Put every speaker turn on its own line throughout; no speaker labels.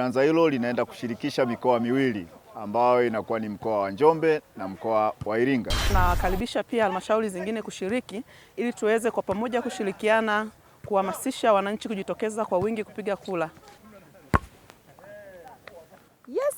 Bonanza hilo linaenda kushirikisha mikoa miwili ambayo inakuwa ni mkoa wa Njombe na mkoa wa Iringa.
Tunawakaribisha pia halmashauri zingine kushiriki ili tuweze kwa pamoja kushirikiana kuhamasisha wananchi kujitokeza kwa wingi kupiga kula.
Yes.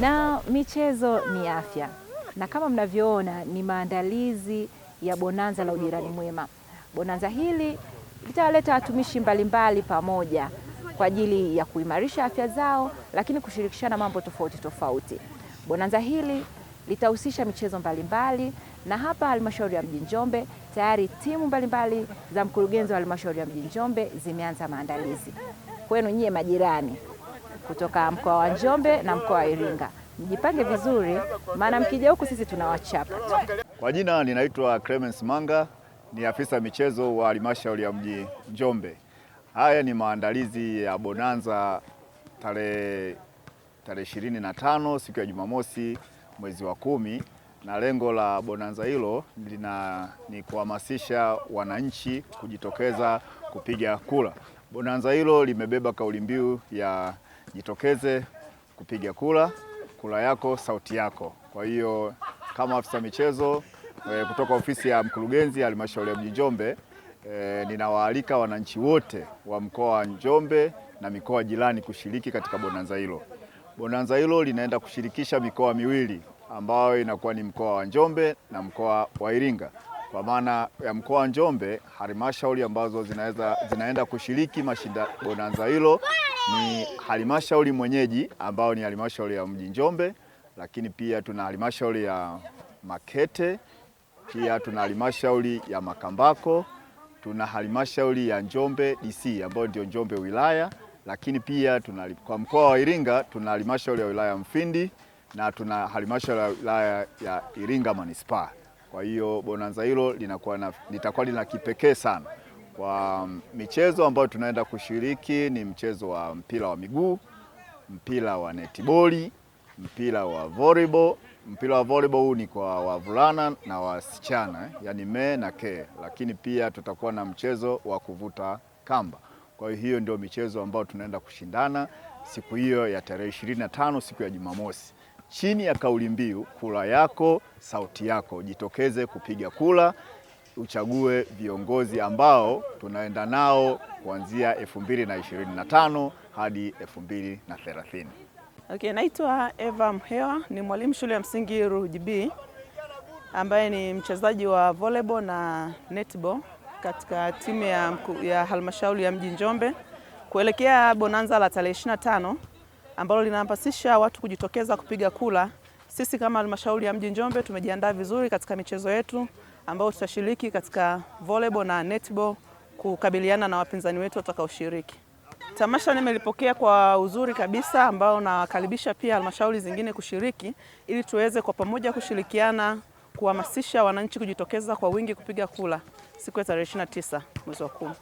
Na michezo ni afya, na kama mnavyoona ni maandalizi ya bonanza la ujirani mwema. Bonanza hili litawaleta watumishi mbalimbali pamoja kwa ajili ya kuimarisha afya zao, lakini kushirikishana mambo tofauti tofauti. Bonanza hili litahusisha michezo mbalimbali mbali, na hapa halmashauri ya mji Njombe tayari timu mbalimbali mbali za mkurugenzi wa halmashauri ya mji Njombe zimeanza maandalizi. Kwenu nyie majirani kutoka mkoa wa Njombe na mkoa wa Iringa, mjipange vizuri, maana mkija huku sisi tunawachapa.
Kwa jina ninaitwa Clemens Manga, ni afisa michezo wa halmashauri ya mji Njombe. Haya ni maandalizi ya bonanza tarehe tarehe ishirini na tano siku ya Jumamosi mwezi wa kumi, na lengo la bonanza hilo lina ni kuhamasisha wananchi kujitokeza kupiga kura. Bonanza hilo limebeba kauli mbiu ya jitokeze kupiga kura, kura yako sauti yako. Kwa hiyo kama afisa michezo eh, kutoka ofisi ya mkurugenzi halmashauri ya mji Njombe e, ninawaalika wananchi wote wa mkoa wa Njombe na mikoa jirani kushiriki katika bonanza hilo. Bonanza hilo linaenda kushirikisha mikoa miwili ambayo inakuwa ni mkoa wa Njombe na mkoa wa Iringa. Kwa maana ya mkoa wa Njombe, halmashauri ambazo zinaweza, zinaenda kushiriki mashinda bonanza hilo ni halmashauri mwenyeji ambayo ni halmashauri ya mji Njombe, lakini pia tuna halmashauri ya Makete, pia tuna halmashauri ya Makambako tuna halmashauri ya Njombe DC ambayo ndio Njombe wilaya, lakini pia tuna, kwa mkoa wa Iringa tuna halmashauri ya wilaya Mfindi na tuna halmashauri ya wilaya ya Iringa manispaa. Kwa hiyo bonanza hilo linakuwa na, litakuwa lina kipekee sana kwa michezo ambayo tunaenda kushiriki ni mchezo wa mpira wa miguu, mpira wa netiboli mpira wa volleyball. Mpira wa volleyball huu ni kwa wavulana na wasichana, eh? yani me na ke, lakini pia tutakuwa na mchezo wa kuvuta kamba. Kwa hiyo ndio michezo ambayo tunaenda kushindana siku hiyo ya tarehe 25 siku ya Jumamosi, chini ya kauli mbiu kura yako sauti yako. Jitokeze kupiga kura, uchague viongozi ambao tunaenda nao kuanzia 2025 hadi 2030.
Okay, naitwa Eva Mhewa, ni mwalimu shule ya msingi Ruhuji B ambaye ni mchezaji wa volleyball na netball katika timu ya, ya halmashauri ya mji Njombe kuelekea bonanza la tarehe 25 ambalo linahamasisha watu kujitokeza kupiga kula. Sisi kama halmashauri ya mji Njombe tumejiandaa vizuri katika michezo yetu ambayo tutashiriki katika volleyball na netball kukabiliana na wapinzani wetu watakaoshiriki. Tamasha nimelipokea kwa uzuri kabisa, ambao nakaribisha pia halmashauri zingine kushiriki ili tuweze kwa pamoja kushirikiana kuhamasisha wananchi kujitokeza kwa wingi kupiga kura siku ya tarehe 29 mwezi wa kumi.